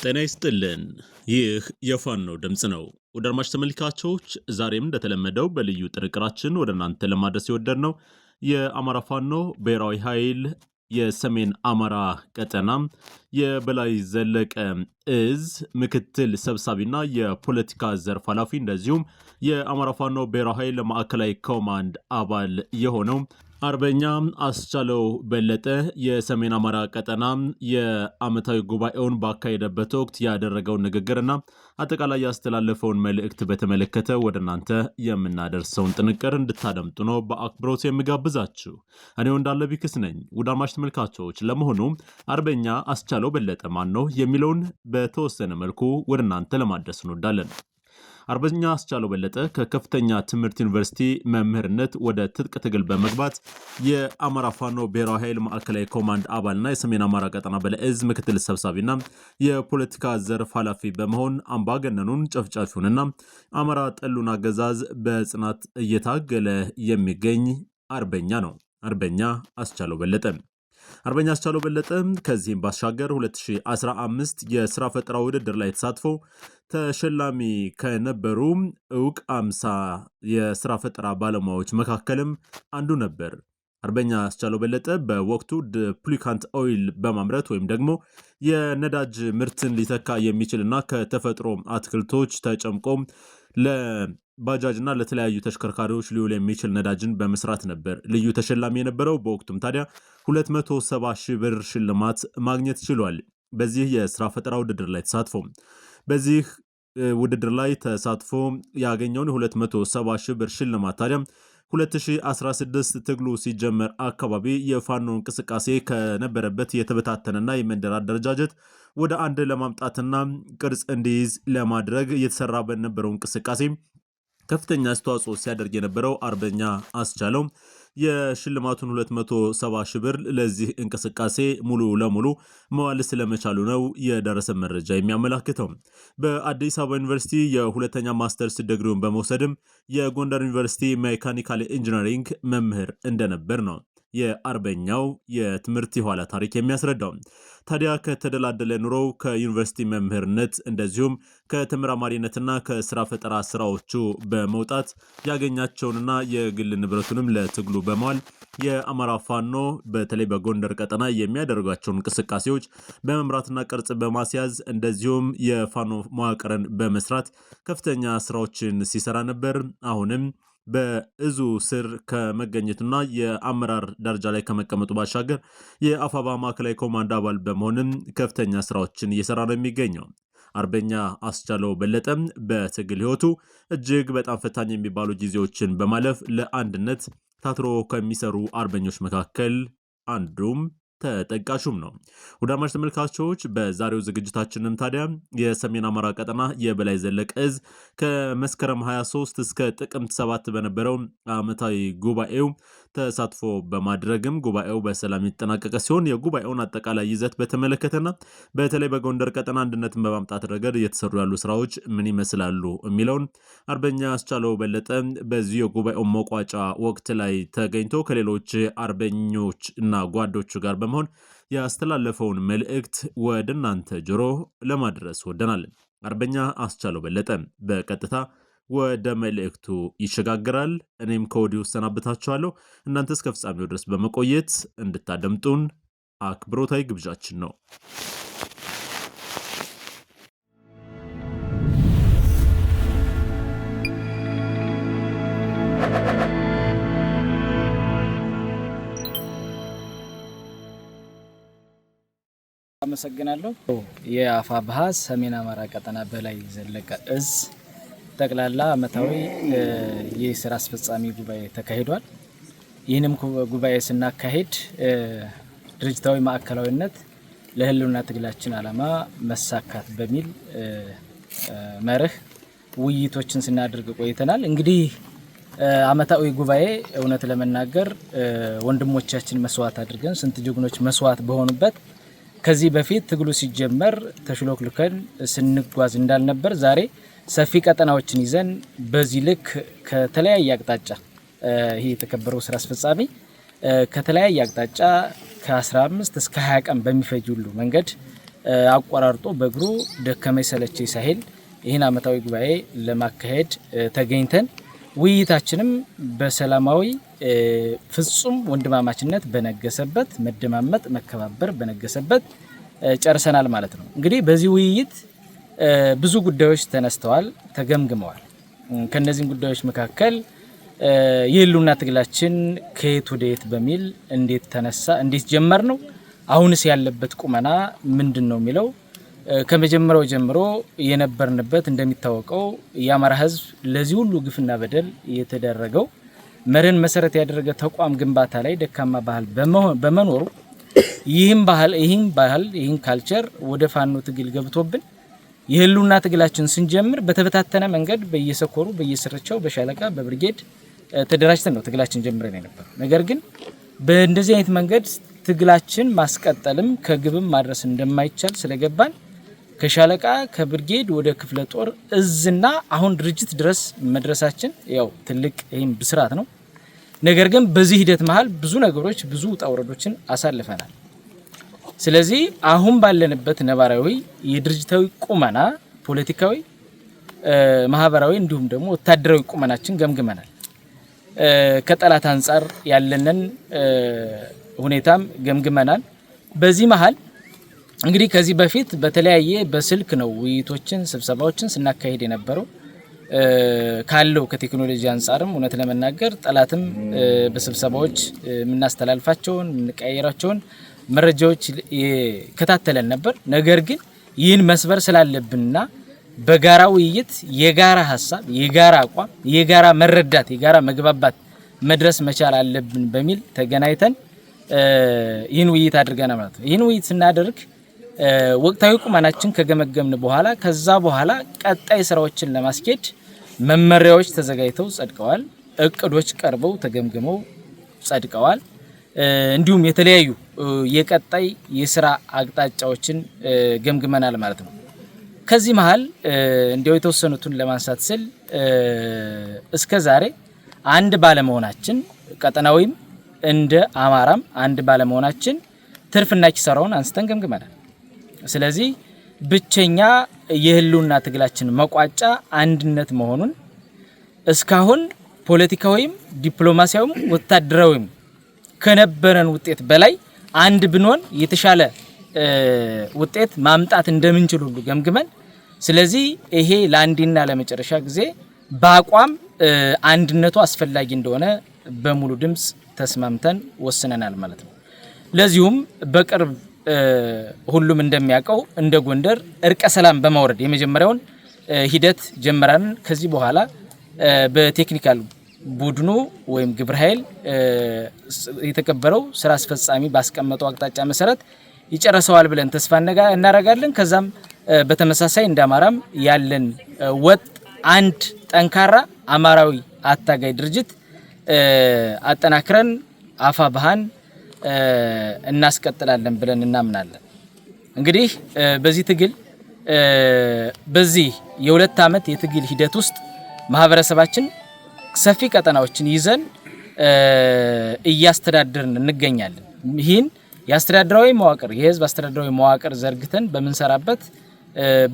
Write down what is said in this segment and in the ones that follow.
ጤና ይስጥልን። ይህ የፋኖ ድምፅ ነው። ወደ አድማጭ ተመልካቾች ዛሬም እንደተለመደው በልዩ ጥንቅራችን ወደ እናንተ ለማድረስ የወደድ ነው የአማራ ፋኖ ብሔራዊ ኃይል የሰሜን አማራ ቀጠና የበላይ ዘለቀ እዝ ምክትል ሰብሳቢና የፖለቲካ ዘርፍ ኃላፊ እንደዚሁም የአማራ ፋኖ ብሔራዊ ኃይል ማዕከላዊ ኮማንድ አባል የሆነው አርበኛ አስቻለው በለጠ የሰሜን አማራ ቀጠና የዓመታዊ ጉባኤውን ባካሄደበት ወቅት ያደረገውን ንግግርና አጠቃላይ ያስተላለፈውን መልእክት በተመለከተ ወደ እናንተ የምናደርሰውን ጥንቅር እንድታደምጡ ነው በአክብሮት የሚጋብዛችሁ። እኔው እንዳለ ቢክስ ነኝ። ውዳማሽ ተመልካቾች፣ ለመሆኑ አርበኛ አስቻለው በለጠ ማን ነው የሚለውን በተወሰነ መልኩ ወደ እናንተ ለማድረስ እንወዳለን። አርበኛ አስቻለው በለጠ ከከፍተኛ ትምህርት ዩኒቨርሲቲ መምህርነት ወደ ትጥቅ ትግል በመግባት የአማራ ፋኖ ብሔራዊ ኃይል ማዕከላዊ ኮማንድ አባልና የሰሜን አማራ ቀጠና በላይ ምክትል ሰብሳቢና የፖለቲካ ዘርፍ ኃላፊ በመሆን አምባገነኑን ጨፍጫፊውንና አማራ ጠሉን አገዛዝ በጽናት እየታገለ የሚገኝ አርበኛ ነው። አርበኛ አስቻለው በለጠ አርበኛ አስቻለው በለጠ ከዚህም ባሻገር 2015 የስራ ፈጠራ ውድድር ላይ ተሳትፎ ተሸላሚ ከነበሩ እውቅ አምሳ የስራ ፈጠራ ባለሙያዎች መካከልም አንዱ ነበር። አርበኛ አስቻለው በለጠ በወቅቱ ፕሊካንት ኦይል በማምረት ወይም ደግሞ የነዳጅ ምርትን ሊተካ የሚችልና ከተፈጥሮ አትክልቶች ተጨምቆ ባጃጅና ለተለያዩ ተሽከርካሪዎች ሊውል የሚችል ነዳጅን በመስራት ነበር ልዩ ተሸላሚ የነበረው። በወቅቱም ታዲያ 270 ሺህ ብር ሽልማት ማግኘት ችሏል። በዚህ የስራ ፈጠራ ውድድር ላይ ተሳትፎ በዚህ ውድድር ላይ ተሳትፎ ያገኘውን 270 ሺህ ብር ሽልማት ታዲያ 2016 ትግሉ ሲጀመር አካባቢ የፋኖ እንቅስቃሴ ከነበረበት የተበታተነና የመንደር አደረጃጀት ወደ አንድ ለማምጣትና ቅርጽ እንዲይዝ ለማድረግ እየተሰራ በነበረው እንቅስቃሴ ከፍተኛ አስተዋጽኦ ሲያደርግ የነበረው አርበኛ አስቻለው የሽልማቱን 270 ሺህ ብር ለዚህ እንቅስቃሴ ሙሉ ለሙሉ መዋል ስለመቻሉ ነው የደረሰ መረጃ የሚያመላክተው። በአዲስ አበባ ዩኒቨርሲቲ የሁለተኛ ማስተርስ ዲግሪውን በመውሰድም የጎንደር ዩኒቨርሲቲ ሜካኒካል ኢንጂነሪንግ መምህር እንደነበር ነው የአርበኛው የትምህርት የኋላ ታሪክ የሚያስረዳው። ታዲያ ከተደላደለ ኑሮው ከዩኒቨርሲቲ መምህርነት እንደዚሁም ከተመራማሪነትና ከስራ ፈጠራ ስራዎቹ በመውጣት ያገኛቸውንና የግል ንብረቱንም ለትግሉ በመዋል የአማራ ፋኖ በተለይ በጎንደር ቀጠና የሚያደርጓቸው እንቅስቃሴዎች በመምራትና ቅርጽ በማስያዝ እንደዚሁም የፋኖ መዋቅርን በመስራት ከፍተኛ ስራዎችን ሲሰራ ነበር። አሁንም በእዙ ስር ከመገኘትና የአመራር ደረጃ ላይ ከመቀመጡ ባሻገር የአፋባ ማዕከላዊ ኮማንድ አባል በመሆንም ከፍተኛ ስራዎችን እየሰራ ነው የሚገኘው። አርበኛ አስቻለው በለጠም በትግል ህይወቱ እጅግ በጣም ፈታኝ የሚባሉ ጊዜዎችን በማለፍ ለአንድነት ታትሮ ከሚሰሩ አርበኞች መካከል አንዱም ተጠቃሹም ነው። ወደ ተመልካቾች በዛሬው ዝግጅታችንም ታዲያ የሰሜን አማራ ቀጠና የበላይ ዘለቀ እዝ ከመስከረም 23 እስከ ጥቅምት 7 በነበረው ዓመታዊ ጉባኤው ተሳትፎ በማድረግም ጉባኤው በሰላም የተጠናቀቀ ሲሆን የጉባኤውን አጠቃላይ ይዘት በተመለከተና በተለይ በጎንደር ቀጠና አንድነትን በማምጣት ረገድ እየተሰሩ ያሉ ስራዎች ምን ይመስላሉ የሚለውን አርበኛ አስቻለው በለጠ በዚሁ የጉባኤው መቋጫ ወቅት ላይ ተገኝቶ ከሌሎች አርበኞች እና ጓዶቹ ጋር በመሆን ያስተላለፈውን መልእክት ወደ እናንተ ጆሮ ለማድረስ ወደናል። አርበኛ አስቻለው በለጠ በቀጥታ ወደ መልእክቱ ይሸጋግራል። እኔም ከወዲሁ እሰናበታችኋለሁ። እናንተ እስከ ፍጻሜው ድረስ በመቆየት እንድታደምጡን አክብሮታዊ ግብዣችን ነው። አመሰግናለሁ። ባሃ ሰሜን አማራ ቀጠና በላይ ዘለቀ እዝ ጠቅላላ ዓመታዊ የስራ አስፈጻሚ ጉባኤ ተካሂዷል። ይህንም ጉባኤ ስናካሄድ ድርጅታዊ ማዕከላዊነት ለህልውና ትግላችን ዓላማ መሳካት በሚል መርህ ውይይቶችን ስናደርግ ቆይተናል። እንግዲህ አመታዊ ጉባኤ እውነት ለመናገር ወንድሞቻችን መስዋዕት አድርገን ስንት ጀግኖች መስዋዕት በሆኑበት ከዚህ በፊት ትግሉ ሲጀመር ተሽሎክልከን ስንጓዝ እንዳልነበር ዛሬ ሰፊ ቀጠናዎችን ይዘን በዚህ ልክ ከተለያየ አቅጣጫ ይህ የተከበረው ስራ አስፈጻሚ ከተለያየ አቅጣጫ ከ15 እስከ 20 ቀን በሚፈጅ ሁሉ መንገድ አቆራርጦ በእግሩ ደከመኝ ሰለቸኝ ሳይል ይህን ዓመታዊ ጉባኤ ለማካሄድ ተገኝተን ውይይታችንም በሰላማዊ ፍጹም ወንድማማችነት በነገሰበት መደማመጥ፣ መከባበር በነገሰበት ጨርሰናል ማለት ነው። እንግዲህ በዚህ ውይይት ብዙ ጉዳዮች ተነስተዋል፣ ተገምግመዋል። ከእነዚህም ጉዳዮች መካከል የህልውና ትግላችን ከየት ወደ የት በሚል እንዴት ተነሳ፣ እንዴት ጀመር ነው፣ አሁንስ ያለበት ቁመና ምንድን ነው የሚለው ከመጀመሪያው ጀምሮ የነበርንበት እንደሚታወቀው የአማራ ህዝብ ለዚህ ሁሉ ግፍና በደል የተደረገው መርህን መሰረት ያደረገ ተቋም ግንባታ ላይ ደካማ ባህል በመኖሩ ይህም ባህል ይህን ካልቸር ወደ ፋኖ ትግል ገብቶብን የህልውና ትግላችን ስንጀምር በተበታተነ መንገድ በየሰኮሩ፣ በየስርቻው፣ በሻለቃ፣ በብርጌድ ተደራጅተን ነው ትግላችን ጀምረን የነበረው። ነገር ግን በእንደዚህ አይነት መንገድ ትግላችን ማስቀጠልም ከግብም ማድረስ እንደማይቻል ስለገባን ከሻለቃ ከብርጌድ ወደ ክፍለ ጦር እዝና አሁን ድርጅት ድረስ መድረሳችን ያው ትልቅ ይህም ብስራት ነው። ነገር ግን በዚህ ሂደት መሀል ብዙ ነገሮች ብዙ ውጣ ውረዶችን አሳልፈናል። ስለዚህ አሁን ባለንበት ነባራዊ የድርጅታዊ ቁመና ፖለቲካዊ፣ ማህበራዊ እንዲሁም ደግሞ ወታደራዊ ቁመናችን ገምግመናል። ከጠላት አንጻር ያለንን ሁኔታም ገምግመናል። በዚህ መሀል እንግዲህ ከዚህ በፊት በተለያየ በስልክ ነው ውይይቶችን፣ ስብሰባዎችን ስናካሄድ የነበረው። ካለው ከቴክኖሎጂ አንጻርም እውነት ለመናገር ጠላትም በስብሰባዎች የምናስተላልፋቸውን የምንቀያየራቸውን መረጃዎች ይከታተለን ነበር። ነገር ግን ይህን መስበር ስላለብንና በጋራ ውይይት የጋራ ሀሳብ፣ የጋራ አቋም፣ የጋራ መረዳት፣ የጋራ መግባባት መድረስ መቻል አለብን በሚል ተገናኝተን ይህን ውይይት አድርገን ማለት ነው። ይህን ውይይት ስናደርግ ወቅታዊ ቁመናችን ከገመገምን በኋላ ከዛ በኋላ ቀጣይ ስራዎችን ለማስኬድ መመሪያዎች ተዘጋጅተው ጸድቀዋል። እቅዶች ቀርበው ተገምግመው ጸድቀዋል። እንዲሁም የተለያዩ የቀጣይ የስራ አቅጣጫዎችን ገምግመናል ማለት ነው። ከዚህ መሀል እንዲያው የተወሰኑትን ለማንሳት ስል እስከ ዛሬ አንድ ባለመሆናችን ቀጠናዊም እንደ አማራም አንድ ባለመሆናችን ትርፍና ኪሳራውን አንስተን ገምግመናል። ስለዚህ ብቸኛ የህልውና ትግላችን መቋጫ አንድነት መሆኑን እስካሁን ፖለቲካዊም፣ ዲፕሎማሲያዊም ወታደራዊም ከነበረን ውጤት በላይ አንድ ብንሆን የተሻለ ውጤት ማምጣት እንደምንችል ሁሉ ገምግመን፣ ስለዚህ ይሄ ለአንዴና ለመጨረሻ ጊዜ በአቋም አንድነቱ አስፈላጊ እንደሆነ በሙሉ ድምፅ ተስማምተን ወስነናል ማለት ነው። ለዚሁም በቅርብ ሁሉም እንደሚያውቀው እንደ ጎንደር እርቀ ሰላም በማውረድ የመጀመሪያውን ሂደት ጀምረናል። ከዚህ በኋላ በቴክኒካል ቡድኑ ወይም ግብረ ኃይል የተቀበለው ስራ አስፈጻሚ ባስቀመጠው አቅጣጫ መሰረት ይጨረሰዋል ብለን ተስፋ እናደርጋለን። ከዛም በተመሳሳይ እንደ አማራም ያለን ወጥ አንድ ጠንካራ አማራዊ አታጋይ ድርጅት አጠናክረን አፋ ባህን እናስቀጥላለን ብለን እናምናለን። እንግዲህ በዚህ ትግል በዚህ የሁለት ዓመት የትግል ሂደት ውስጥ ማህበረሰባችን ሰፊ ቀጠናዎችን ይዘን እያስተዳደርን እንገኛለን። ይህን የአስተዳደራዊ መዋቅር የህዝብ አስተዳደራዊ መዋቅር ዘርግተን በምንሰራበት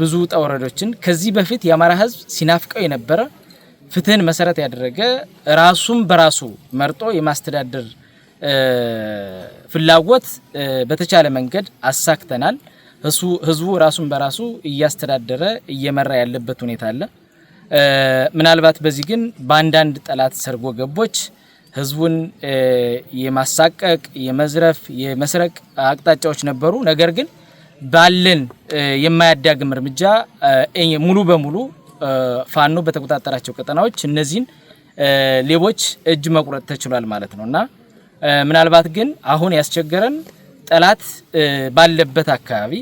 ብዙ ውጣ ውረዶችን ከዚህ በፊት የአማራ ህዝብ ሲናፍቀው የነበረ ፍትህን መሰረት ያደረገ ራሱን በራሱ መርጦ የማስተዳደር ፍላጎት በተቻለ መንገድ አሳክተናል። ህዝቡ ራሱን በራሱ እያስተዳደረ እየመራ ያለበት ሁኔታ አለ። ምናልባት በዚህ ግን በአንዳንድ ጠላት ሰርጎ ገቦች ህዝቡን የማሳቀቅ የመዝረፍ፣ የመስረቅ አቅጣጫዎች ነበሩ። ነገር ግን ባለን የማያዳግም እርምጃ ሙሉ በሙሉ ፋኖ በተቆጣጠራቸው ቀጠናዎች እነዚህን ሌቦች እጅ መቁረጥ ተችሏል ማለት ነው እና ምናልባት ግን አሁን ያስቸገረን ጠላት ባለበት አካባቢ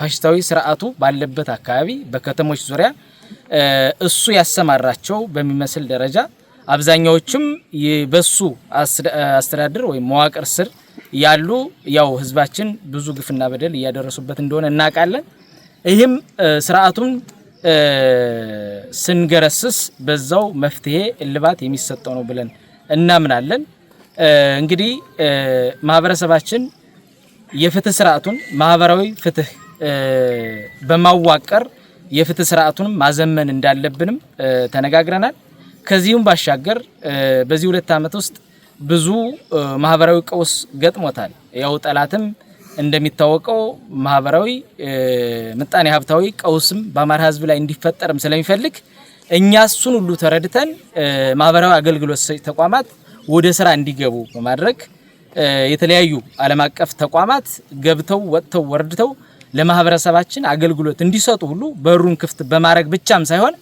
ፋሽስታዊ ስርዓቱ ባለበት አካባቢ በከተሞች ዙሪያ እሱ ያሰማራቸው በሚመስል ደረጃ አብዛኛዎቹም በሱ አስተዳደር ወይም መዋቅር ስር ያሉ ያው ህዝባችን ብዙ ግፍና በደል እያደረሱበት እንደሆነ እናውቃለን። ይህም ስርዓቱን ስንገረስስ በዛው መፍትሄ እልባት የሚሰጠው ነው ብለን እናምናለን። እንግዲህ ማህበረሰባችን የፍትህ ስርዓቱን ማህበራዊ ፍትህ በማዋቀር የፍትህ ስርዓቱንም ማዘመን እንዳለብንም ተነጋግረናል። ከዚሁም ባሻገር በዚህ ሁለት ዓመት ውስጥ ብዙ ማህበራዊ ቀውስ ገጥሞታል። ያው ጠላትም እንደሚታወቀው ማህበራዊ ምጣኔ ሀብታዊ ቀውስም በአማራ ህዝብ ላይ እንዲፈጠርም ስለሚፈልግ እኛ እሱን ሁሉ ተረድተን ማህበራዊ አገልግሎት ሰጪ ተቋማት ወደ ስራ እንዲገቡ በማድረግ የተለያዩ ዓለም አቀፍ ተቋማት ገብተው ወጥተው ወርድተው ለማህበረሰባችን አገልግሎት እንዲሰጡ ሁሉ በሩን ክፍት በማድረግ ብቻም ሳይሆን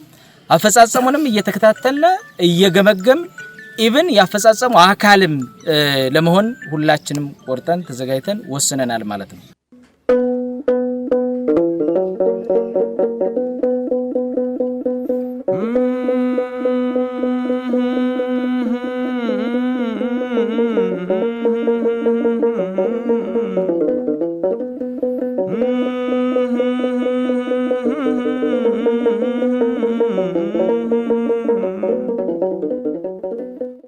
አፈጻጸሙንም እየተከታተልን እየገመገም ኢቭን ያፈጻጸሙ አካልም ለመሆን ሁላችንም ቆርጠን ተዘጋጅተን ወስነናል ማለት ነው።